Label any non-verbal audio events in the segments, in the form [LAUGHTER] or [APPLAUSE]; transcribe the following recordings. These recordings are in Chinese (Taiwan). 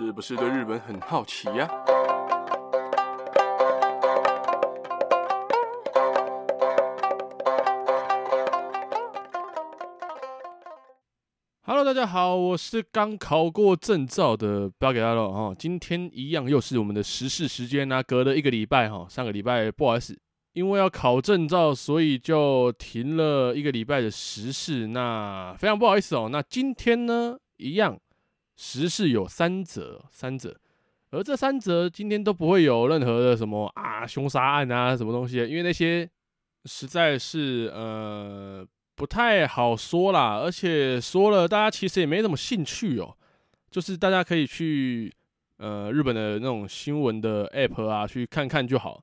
是不是對日本很好奇呀、啊、 [MUSIC] ？Hello，大家好，我是剛考過證照的，不要給大了哈、哦。今天一樣，又是我們的時事時間那、啊、隔了一個禮拜哈、哦，上個禮拜不好意思，因為要考證照，所以就停了一個禮拜的時事。那非常不好意思哦。那今天呢，一樣。時事有三則，三則，而這三則今天都不會有任何的什麼啊，凶殺案啊，什麼東西，因為那些實在是呃不太好說啦，而且說了大家其實也沒什麼興趣哦、喔，就是大家可以去呃日本的那種新聞的 APP 啊去看看就好，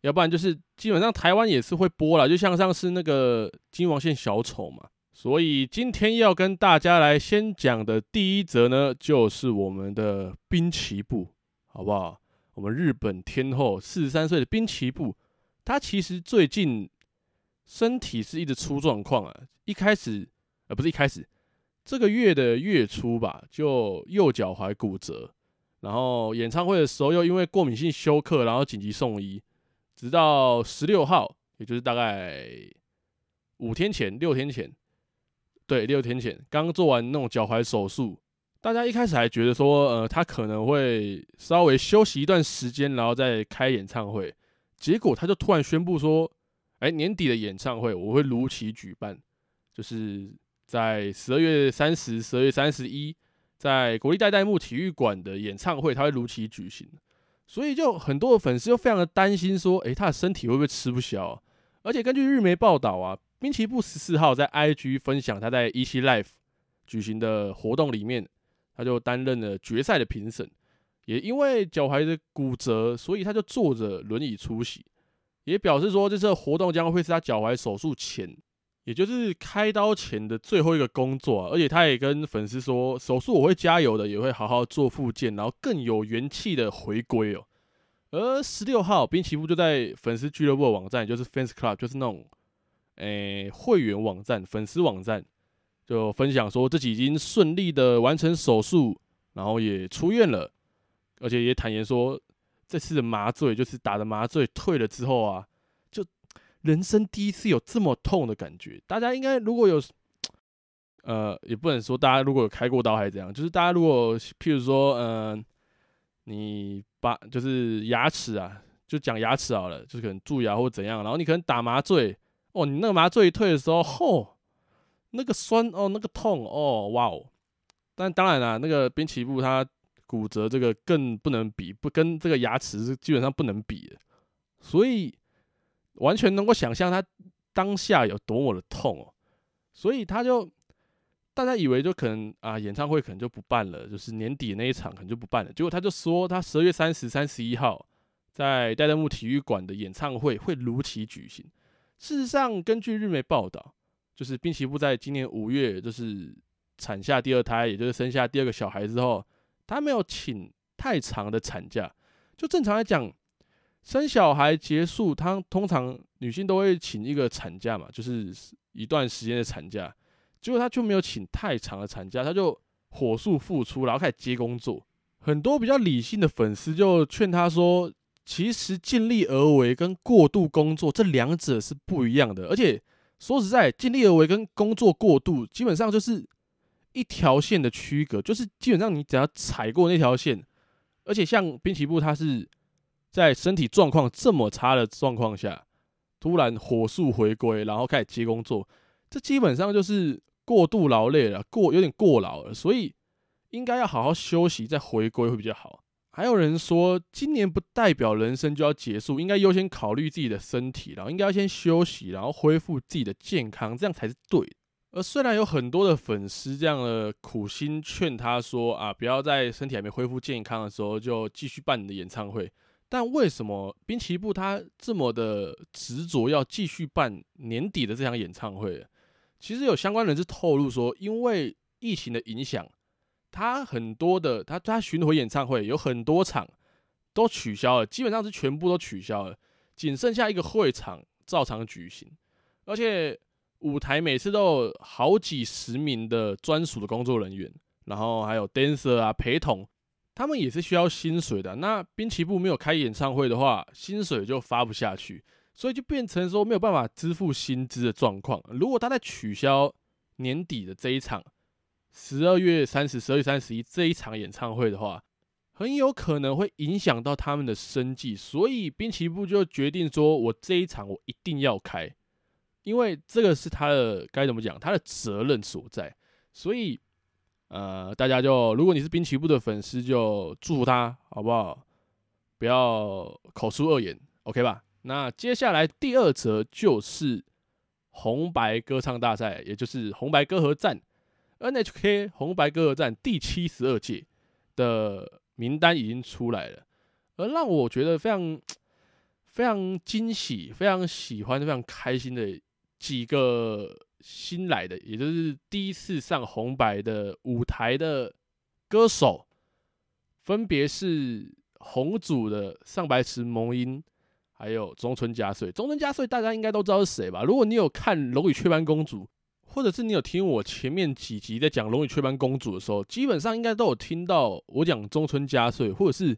要不然就是基本上台灣也是會播啦，就像上次那個京王線小丑嘛。所以今天要跟大家來先講的第一則呢，就是我們的濱崎步，好不好？我們日本天后四十三歲的濱崎步，她其實最近身體是一直出狀況啊。一開始，呃，不是一開始，這個月的月初吧，就右腳踝骨折，然後演唱會的時候又因為過敏性休克，然後緊急送醫，直到十六號，也就是大概五天前、六天前。對，六天前剛做完那種腳踝手術，大家一開始還覺得說，呃，他可能會稍微休息一段時間，然後再開演唱會。結果他就突然宣布說，哎，年底的演唱會我會如期舉辦，就是在十二月三十、十二月三十一，在國立代代木體育館的演唱會，他會如期舉行。所以就很多的粉絲又非常的擔心說，哎，他的身體會不會吃不消啊？而且根據日媒報道啊。濱崎步十四號在 IG 分享他在 EC Life 舉行的活動裡面，他就擔任了決賽的評審。也因為腳踝的骨折，所以他就坐着輪椅出席。也表示說，這次活動將會是他腳踝手術前，也就是開刀前的最後一個工作啊。而且他也跟粉絲說，手術我會加油的，也會好好做復健，然後更有元氣的回歸哦。而十六號，濱崎步就在粉絲俱樂部的網站，就是 Fans Club，就是那種。誒，會員網站、粉絲網站就分享說，自己已經順利的完成手術，然後也出院了，而且也坦言說，這次的麻醉就是打的麻醉退了之後啊，就人生第一次有這麼痛的感覺。大家應該如果有，呃，也不能說大家如果有開過刀還是怎樣，就是大家如果譬如說，嗯、呃，你把就是牙齒啊，就講牙齒好了，就是可能蛀牙、啊、或者怎樣，然後你可能打麻醉。哦，你那個麻醉一退的時候，吼，那個酸哦，那個痛哦，哇哦！但當然啦、啊，那個濱崎步他骨折這個更不能比，不跟這個牙齒基本上不能比的，所以完全能夠想象他當下有多麼的痛哦。所以他就大家以為就可能啊，演唱會可能就不辦了，就是年底那一場可能就不辦了。結果他就說，他十二月三十、三十一號在代代木體育館的演唱會會如期舉行。事實上，根據日媒報道，就是濱崎步在今年五月就是產下第二胎，也就是生下第二個小孩之後，她沒有請太長的產假。就正常來講，生小孩結束，她通常女性都會請一個產假嘛，就是一段時間的產假。結果她就沒有請太長的產假，她就火速復出，然後開始接工作。很多比較理性的粉絲就勸她說，其實盡力而為跟過度工作這兩者是不一樣的，而且說實在，盡力而為跟工作過度基本上就是一條線的區隔，就是基本上你只要踩過那條線，而且像濱崎步他是在身體狀況這麼差的狀況下，突然火速回歸，然後開始接工作，這基本上就是過度勞累了，過有點過勞了，所以應該要好好休息再回歸會比較好。還有人說，今年不代表人生就要結束，應該優先考慮自己的身體，然後應該要先休息，然後恢復自己的健康，這樣才是對的。而雖然有很多的粉絲這樣的苦心勸他說，說啊，不要在身體還沒恢復健康的時候就繼續辦你的演唱會，但為什麼濱崎步他這麼的執着要繼續辦年底的這場演唱會？其實有相關人士透露說，因為疫情的影響。他很多的，他他巡迴演唱會有很多場都取消了，基本上是全部都取消了，僅剩下一個會場照常舉行，而且舞台每次都有好幾十名的專屬的工作人員，然後還有 dancer 啊、陪同，他們也是需要薪水的。那濱崎步沒有開演唱會的話，薪水就發不下去，所以就變成說沒有辦法支付薪資的狀況。如果他再取消年底的這一場，十二月三十、十二月三十一這一場演唱會的話，很有可能會影響到他們的生計，所以濱崎步就決定說：“我這一場我一定要開，因為這個是他的該怎麼講，他的責任所在。”所以，呃，大家就如果你是濱崎步的粉絲，就祝福他，好不好？不要口出惡言，OK 吧？那接下來第二則就是紅白歌唱大賽，也就是紅白歌合戰。N H K 紅白歌合戰第七十二屆的名單已經出來了，而讓我覺得非常非常驚喜、非常喜歡、非常開心的幾個新來的，也就是第一次上紅白的舞台的歌手，分別是紅組的上白石萌音，還有中村佳穗。中村佳穗大家應該都知道是誰吧？如果你有看《龍與雀斑公主》。或者是你有聽我前面幾集在講《龍與雀斑公主》的時候，基本上應該都有聽到我講中村佳穗，或者是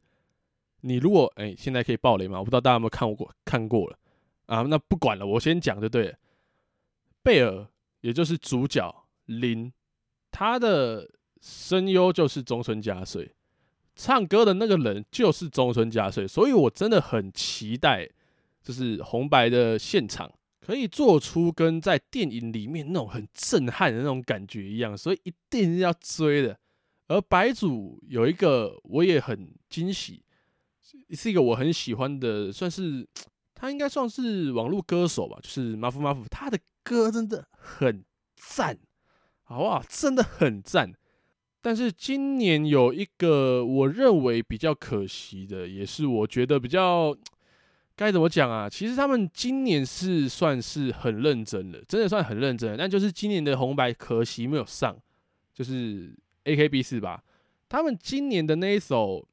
你如果哎、欸、現在可以爆雷嗎？我不知道大家有沒有看過看過了啊，那不管了，我先講就對了。貝爾也就是主角鈴，他的聲優就是中村佳穗，唱歌的那個人就是中村佳穗，所以我真的很期待，就是紅白的現場。可以做出跟在電影裡面那種很震撼的那種感覺一樣，所以一定要追的。而白組有一個我也很驚喜，是一個我很喜歡的，算是他應該算是網絡歌手吧，就是馬夫馬夫，他的歌真的很讚，好不好？真的很讚。但是今年有一個我認為比較可惜的，也是我覺得比較。該怎麼講啊？其實他們今年是算是很認真的，真的算很認真。但就是今年的紅白可惜沒有上，就是 AKB48。他們今年的那一首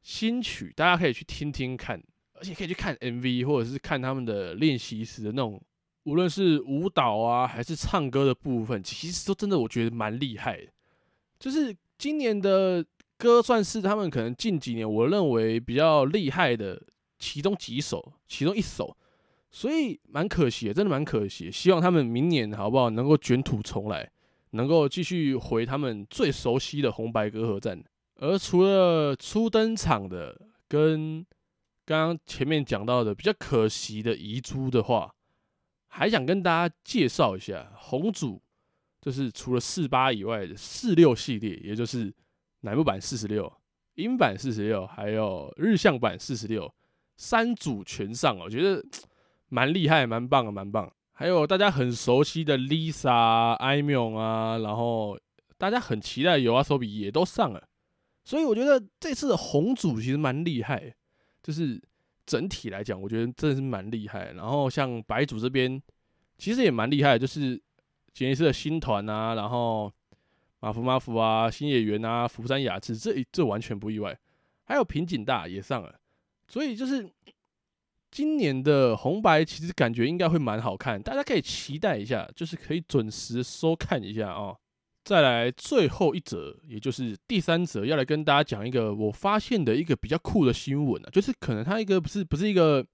新曲，大家可以去聽聽看，而且可以去看 MV，或者是看他們的練習時的那種，無論是舞蹈啊，還是唱歌的部分，其實都真的我覺得蠻厲害，就是今年的歌，算是他們可能近幾年我認為比較厲害的。其中幾首，其中一首，所以蠻可惜的，真的蠻可惜。希望他們明年好不好能夠捲土重來，能夠繼續回他們最熟悉的紅白歌合戰。而除了初登場的跟剛剛前面講到的比較可惜的遺珠的話，還想跟大家介紹一下紅組，就是除了四八以外的四六系列，也就是乃木坂四十六、櫻坂四十六，還有日向坂四十六。三組全上了，我覺得蠻厲害，蠻棒的，蠻棒。還有大家很熟悉的 Lisa、啊、Aimyon 啊，然後大家很期待的 YOASOBI 也都上了。所以我覺得這次的紅組其實蠻厲害，就是整體來講，我覺得真的是蠻厲害。然後像白組這邊其實也蠻厲害的，就是傑尼斯的新團啊，然後馬福馬福啊，星野源啊，福山雅治，這這完全不意外。還有平井大也上了。所以就是今年的紅白，其實感覺應該會蠻好看，大家可以期待一下，就是可以準時收看一下哦，再來最後一則，也就是第三則，要來跟大家講一個我發現的一個比較酷的新聞啊,就是可能它一個不是不是一個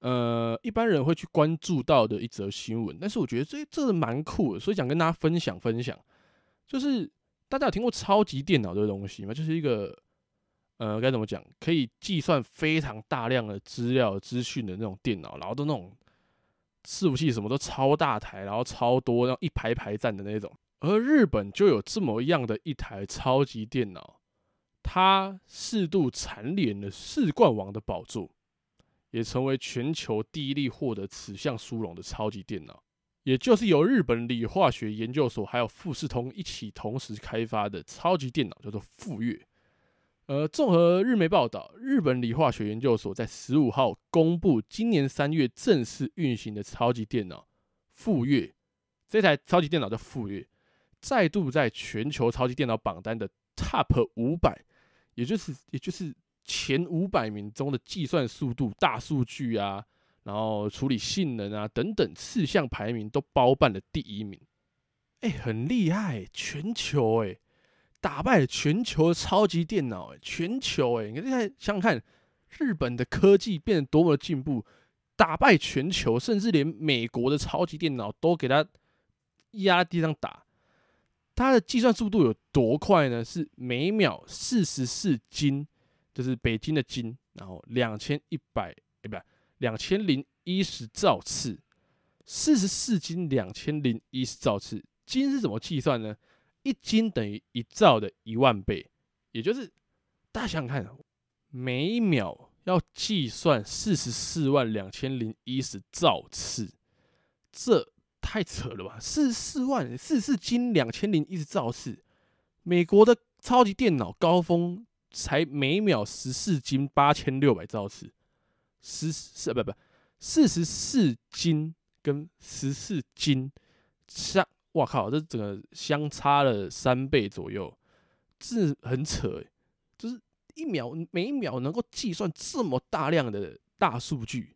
呃一般人會去關注到的一則新聞，但是我覺得這這是蠻酷的，所以想跟大家分享分享。就是大家有聽過超級電腦這個東西嗎？就是一個。呃，該怎麼講？可以計算非常大量的資料、資訊的那種電腦，然後都那種伺服器什麼都超大台，然後超多，然後一排一排站的那種。而日本就有這麼樣的一台超級電腦，它四度蟬聯了四冠王的寶座，也成為全球第一例獲得此項殊榮的超級電腦，也就是由日本理化學研究所還有富士通一起同時開發的超級電腦，叫做富岳。呃，綜合日媒報道，日本理化學研究所在十五號公布，今年三月正式運行的超級電腦“富岳”，這台超級電腦的富岳，再度在全球超級電腦榜單的 TOP 五百，也就是也就是前五百名中的計算速度、大數據啊，然後處理性能啊等等四項排名都包辦了第一名，哎、欸，很厲害、欸，全球哎、欸。打敗了全球的超級電腦，哎，全球哎、欸，你看想想看，日本的科技變得多麼的進步，打敗全球，甚至連美國的超級電腦都給它壓在地上打，它的計算速度有多快呢？是每秒四十四京，就是北京的京，然後兩千一百，哎，不是兩千零一十兆次，四十四京兩千零一十兆次，京是怎麼計算呢？一京等於一兆的一萬倍，也就是大家想想看，每秒要計算四十四萬兩千零一十兆次，這太扯了吧？四十四萬四十四京兩千零一十兆次，美國的超級電腦高峰才每秒十四京八千六百兆次，十四、啊、不不四十四京跟十四京差。我靠，這整個相差了三倍左右，這很扯，就是一秒每一秒能夠計算這麼大量的大數據，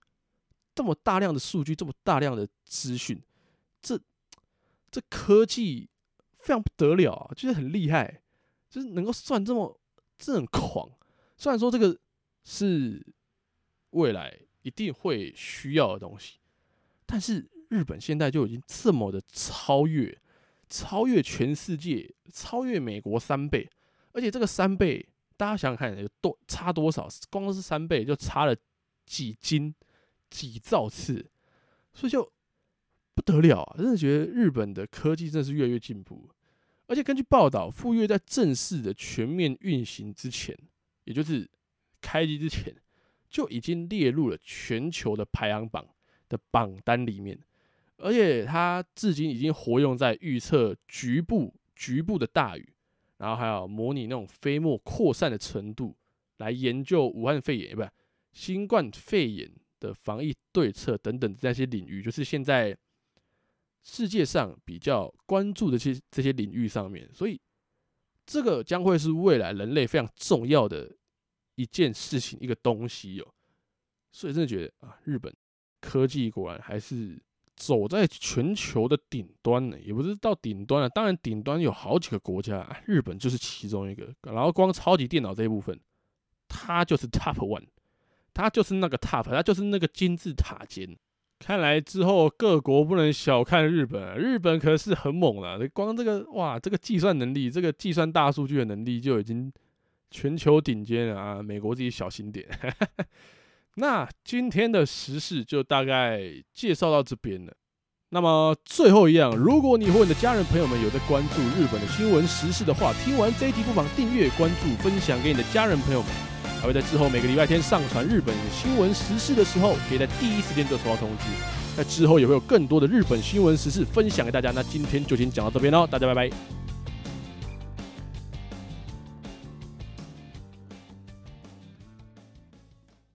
這麼大量的數據，這麼大量的資訊，這這科技非常不得了啊，就是很厲害，就是能夠算這麼這很狂。雖然說這個是未來一定會需要的東西，但是。日本現在就已經這麼的超越，超越全世界，超越美國三倍，而且這個三倍，大家想想看有多差多少，光是三倍就差了幾京幾兆次，所以就不得了啊！真的覺得日本的科技真的是越來越進步。而且根據報道，富岳在正式的全面運行之前，也就是開機之前，就已經列入了全球的排行榜的榜單裡面。而且它至今已經活用在預測局部、局部的大雨，然後還有模擬那種飛沫擴散的程度，來研究武漢肺炎、不，新冠肺炎的防疫對策等等這些領域，就是現在世界上比較關注的些這些領域上面。所以，這個將會是未來人類非常重要的一件事情、一個東西喲、喔。所以，真的覺得啊，日本科技果然還是。走在全球的頂端呢，也不是到頂端了啊。當然，頂端有好幾個國家，日本就是其中一個。然後，光超級電腦這一部分，它就是 top one，它就是那個 top，它就是那個金字塔尖。看來之後各國不能小看日本啊，日本可是很猛了。光這個哇，這個計算能力，這個計算大數據的能力，就已經全球頂尖了啊！美國自己小心點。呵呵那今天的時事就大概介紹到這邊了。那麼最後一樣，如果你和你的家人朋友們有在關注日本的新聞時事的話，聽完這一集不妨訂閱、關注、分享給你的家人朋友們。還會在之後每個禮拜天上傳日本新聞時事的時候，可以在第一時間就收到通知。那之後也會有更多的日本新聞時事分享給大家。那今天就先講到這邊嘍，大家拜拜。